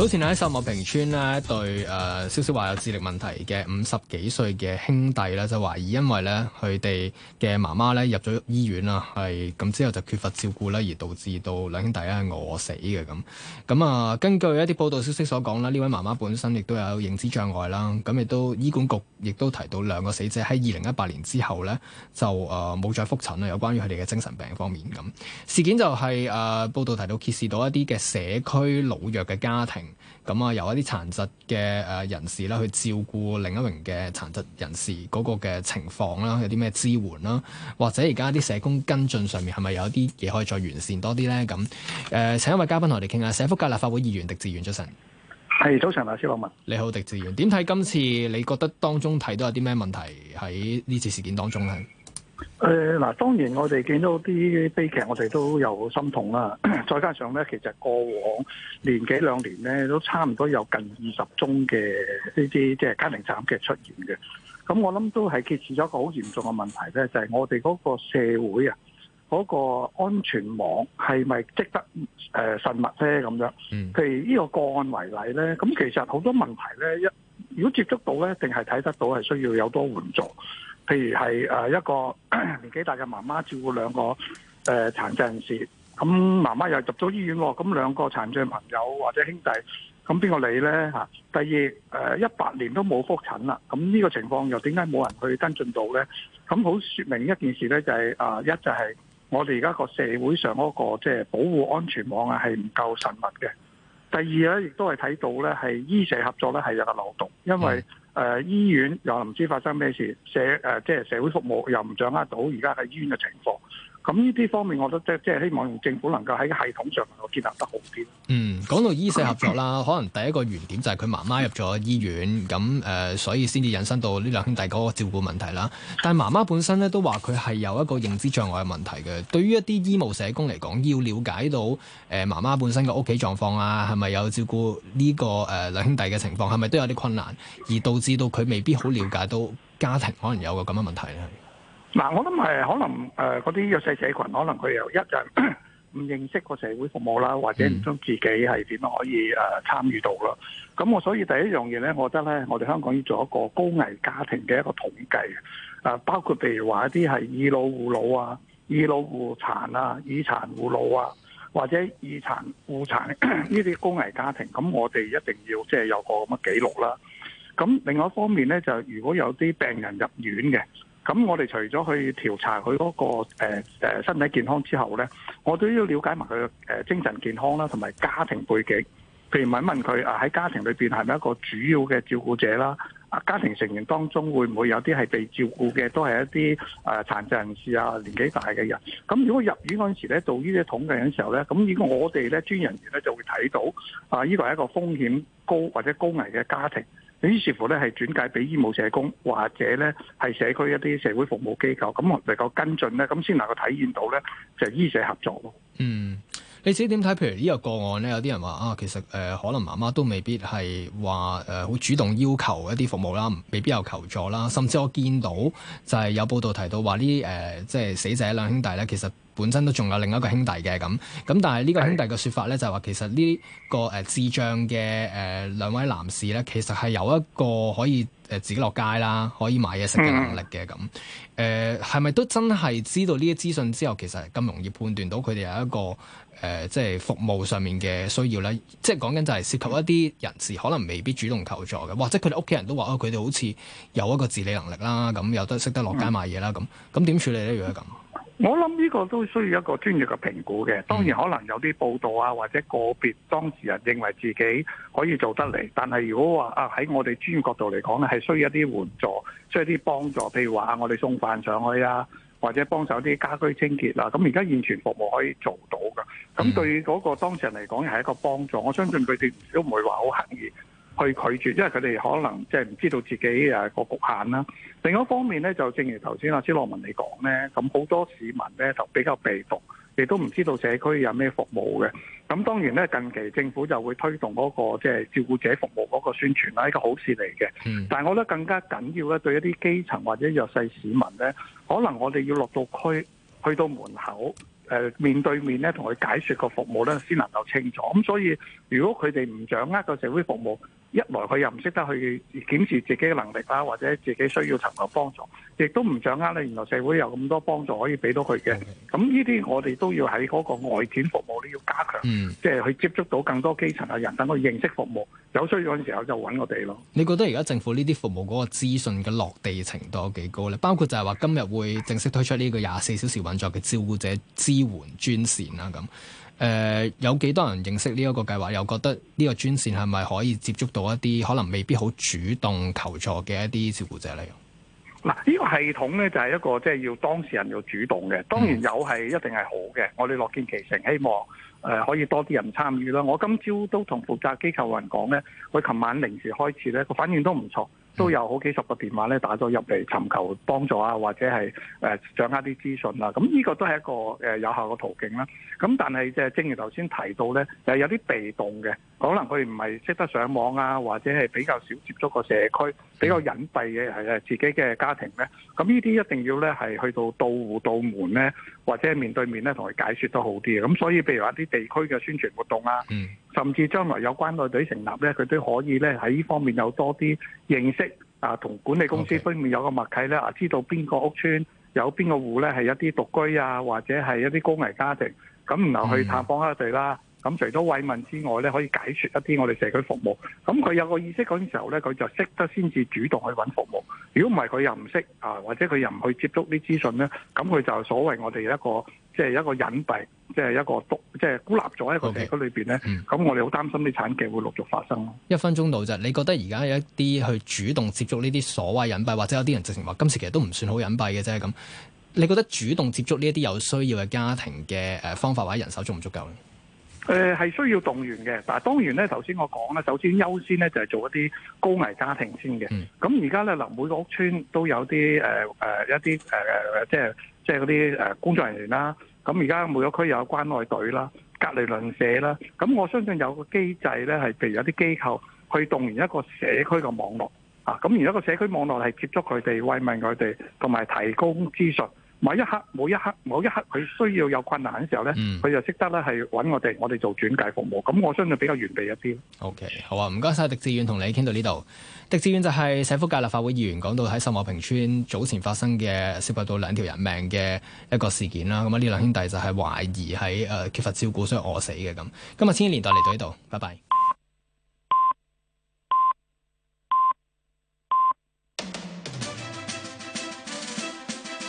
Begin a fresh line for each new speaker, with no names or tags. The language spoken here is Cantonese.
早前喺秀茂坪邨呢，一對誒，稍稍話有智力問題嘅五十幾歲嘅兄弟咧，就懷疑因為咧佢哋嘅媽媽咧入咗醫院啦，係咁之後就缺乏照顧啦，而導致到兩兄弟咧餓死嘅咁。咁啊，根據一啲報道消息所講啦，呢位媽媽本身亦都有認知障礙啦，咁亦都醫管局亦都提到兩個死者喺二零一八年之後咧就誒冇再復診啦，有關於佢哋嘅精神病方面咁事件就係誒報道提到揭示到一啲嘅社區老弱嘅家庭。咁啊，由一啲殘疾嘅誒人士啦去照顧另一名嘅殘疾人士嗰個嘅情況啦，有啲咩支援啦，或者而家啲社工跟進上面係咪有啲嘢可以再完善多啲呢？咁誒，請一位嘉賓同我哋傾下社福界立法會議員狄志遠。早晨，係早晨，先生好文。你好，狄志遠，點睇今次？你覺得當中睇到有啲咩問題喺呢次事件當中咧？
誒，嗱、嗯，當然我哋見到啲悲劇，我哋都有心痛啦。再加上咧，其實過往年幾兩年咧，都差唔多有近二十宗嘅呢啲即係家庭慘劇出現嘅。咁我諗都係揭示咗一個好嚴重嘅問題咧，就係、是、我哋嗰個社會啊，嗰、那個安全網係咪積得誒、呃、慎密咧？咁樣，譬如呢個個案為例咧，咁其實好多問題咧一。如果接觸到呢，定係睇得到係需要有多援助，譬如係一個年紀大嘅媽媽照顧兩個誒、呃、殘障人士，咁媽媽又入咗醫院喎，咁兩個殘障朋友或者兄弟，咁邊個理呢？第二一百、呃、年都冇復診啦，咁呢個情況又點解冇人去跟進到呢？咁好説明一件事呢，就係、是、啊一就係我哋而家個社會上嗰、那個即係、就是、保護安全網啊，係唔夠神密嘅。第二咧，亦都係睇到咧，係醫社合作咧係有個漏洞，因為誒是、呃、醫院又唔知發生咩事，社、呃、即係社會服務又唔掌握到而家喺醫院嘅情況。咁呢啲方面，我都即係係希望，用政府能夠喺系統上能夠
建立得好啲。嗯，講到醫社合作啦，可能第一個原點就係佢媽媽入咗醫院，咁誒、呃，所以先至引申到呢兩兄弟嗰個照顧問題啦。但係媽媽本身咧都話佢係有一個認知障礙嘅問題嘅。對於一啲醫務社工嚟講，要了解到誒媽媽本身嘅屋企狀況啊，係咪有照顧呢、這個誒、呃、兩兄弟嘅情況，係咪都有啲困難而導致到佢未必好了解到家庭可能有個咁嘅問題咧。
嗱、啊，我諗係可能誒嗰啲弱勢社群，可能佢由一日唔認識個社會服務啦，或者唔知自己係點樣可以誒、呃、參與到啦。咁我所以第一樣嘢咧，我覺得咧，我哋香港要做一個高危家庭嘅一個統計啊、呃，包括譬如話一啲係以老護老啊，以老護殘啊，以殘護老啊，或者以殘護殘呢啲高危家庭，咁我哋一定要即係、就是、有個咁嘅記錄啦。咁另外一方面咧，就如果有啲病人入院嘅。咁我哋除咗去調查佢嗰個身體健康之後咧，我都要了解埋佢嘅誒精神健康啦，同埋家庭背景。譬如問一問佢啊，喺家庭裏面係咪一個主要嘅照顧者啦？啊，家庭成員當中會唔會有啲係被照顧嘅，都係一啲誒殘疾人士啊，年紀大嘅人。咁如果入院嗰陣時咧，做呢啲統計嘅時候咧，咁如果我哋咧專業人員咧就會睇到啊，呢個係一個風險高或者高危嘅家庭。於是乎咧，係轉介俾醫務社工，或者咧係社區一啲社會服務機構，咁能夠跟進咧，咁先能夠體驗到咧就係醫社合作咯。嗯，
你自己點睇？譬如呢個個案咧，有啲人話啊，其實誒、呃、可能媽媽都未必係話誒好主動要求一啲服務啦，未必有求助啦。甚至我見到就係有報道提到話呢啲即係死者兩兄弟咧，其實。本身都仲有另一個兄弟嘅咁，咁但係呢個兄弟嘅說法咧就係話，其實呢、呢個誒、呃、智障嘅誒、呃、兩位男士咧，其實係有一個可以自己落街啦，可以買嘢食嘅能力嘅咁。係咪、呃、都真係知道呢啲資訊之後，其實咁容易判斷到佢哋有一個即係、呃就係、服務上面嘅需要咧？即係講緊就係、係、涉及一啲人士可能未必主動求助嘅，或者佢哋屋企人都話哦，佢哋好似有一個自理能力啦，咁有得識得落街買嘢啦，咁咁點處理咧？如果咁？我諗呢個都需
要一個專業嘅評估嘅，當然可能有啲報道啊，或者個別當事人認為自己可以做得嚟，但係如果話啊，喺我哋專業角度嚟講咧，係需要一啲援助，需要啲幫助，譬如話我哋送飯上去啊，或者幫手啲家居清潔啊，咁而家現存服務可以做到噶，咁對嗰個當事人嚟講係一個幫助，我相信佢哋都唔會話好刻意去拒絕，因為佢哋可能即係唔知道自己誒個局限啦。另一方面咧，就正如頭先阿施羅文你講咧，咁好多市民咧就比較被動，亦都唔知道社區有咩服務嘅。咁當然咧，近期政府就會推動嗰、那個即係、就是、照顧者服務嗰個宣傳啦，係一個好事嚟嘅。嗯，但係我覺得更加緊要咧，對一啲基層或者弱勢市民咧，可能我哋要落到區，去到門口。誒面對面咧，同佢解説個服務咧，先能夠清楚。咁所以，如果佢哋唔掌握個社會服務，一來佢又唔識得去檢視自己嘅能力啦，或者自己需要尋求幫助，亦都唔掌握咧原來社會有咁多幫助可以俾到佢嘅。咁呢啲我哋都要喺嗰個外展服務呢，要加強，mm. 即係去接觸到更多基層嘅人，等佢認識服務，有需要嗰陣時候就揾我
哋咯。你覺得而家政府呢啲服務嗰個資訊嘅落地程度有幾高呢？包括就係話今日會正式推出呢個廿四小時運作嘅照顧者支援專線啦。咁誒、呃，有幾多人認識呢一個計劃？又覺得呢個專線係咪可以接觸到一啲可能未必好主動求助嘅一啲照顧者嚟？
嗱，呢個系統咧就係一個即係要當事人要主動嘅。當然有係一定係好嘅，我哋樂見其成，希望誒可以多啲人參與啦。我今朝都同負責機構人講咧，佢琴晚零時開始咧，個反應都唔錯，都有好幾十個電話咧打咗入嚟尋求幫助啊，或者係誒掌握啲資訊啊。咁、這、呢個都係一個誒有效嘅途徑啦。咁但係即係正如頭先提到咧，就是、有啲被動嘅，可能佢唔係識得上網啊，或者係比較少接觸個社區。嗯、比較隱蔽嘅係自己嘅家庭咧，咁呢啲一定要咧係去到到戶到門咧，或者面對面咧同佢解說都好啲嘅。咁所以譬如話啲地區嘅宣傳活動啊，嗯、甚至將來有關愛隊成立咧，佢都可以咧喺呢方面有多啲認識啊，同管理公司方面有個默契咧，okay, 知道邊個屋村有邊個戶咧係一啲獨居啊，或者係一啲高危家庭，咁然後去探訪佢哋啦。嗯咁除咗慰問之外咧，可以解説一啲我哋社區服務。咁佢有個意識嗰陣時候咧，佢就識得先至主動去揾服務。如果唔係，佢又唔識啊，或者佢又唔去接觸啲資訊咧，咁佢就所謂我哋一個即係一個隱蔽，即係一個獨即係孤立咗喺個地區裏邊咧。咁、okay. 嗯、我哋好擔心啲產期會陸
續發生咯。一分鐘到就，你覺得而家有一啲去主動接觸呢啲所謂隱蔽，或者有啲人直情話今次其實都唔算好隱蔽嘅啫。咁你覺得主動接觸呢一啲有需要嘅家庭嘅誒方法或者人手足唔足夠咧？
誒，係、呃、需要動員嘅，但係當然咧，頭先我講啦，首先優先咧就係做一啲高危家庭先嘅。咁而家咧，嗱每個屋村都有啲誒誒一啲誒誒，即係即係嗰啲誒工作人員啦。咁而家每個區有關愛隊啦、隔籬鄰舍啦。咁我相信有個機制咧，係譬如有啲機構去動員一個社區嘅網絡啊。咁而家個社區網絡係接觸佢哋、慰問佢哋，同埋提供資訊。每一刻，每一刻，某一刻，佢需要有困難嘅時候咧，佢、嗯、就識得咧係揾我哋，我哋做轉介服務。咁我相信比較完備一啲。
O、okay, K，好啊，唔該晒。狄志遠同你傾到呢度。狄志遠就係社福界立法會議員，講到喺秀茂坪邨早前發生嘅涉及到兩條人命嘅一個事件啦。咁啊，呢兩兄弟就係懷疑喺誒缺乏照顧，所以餓死嘅。咁，今日千禧年代嚟到呢度，拜拜。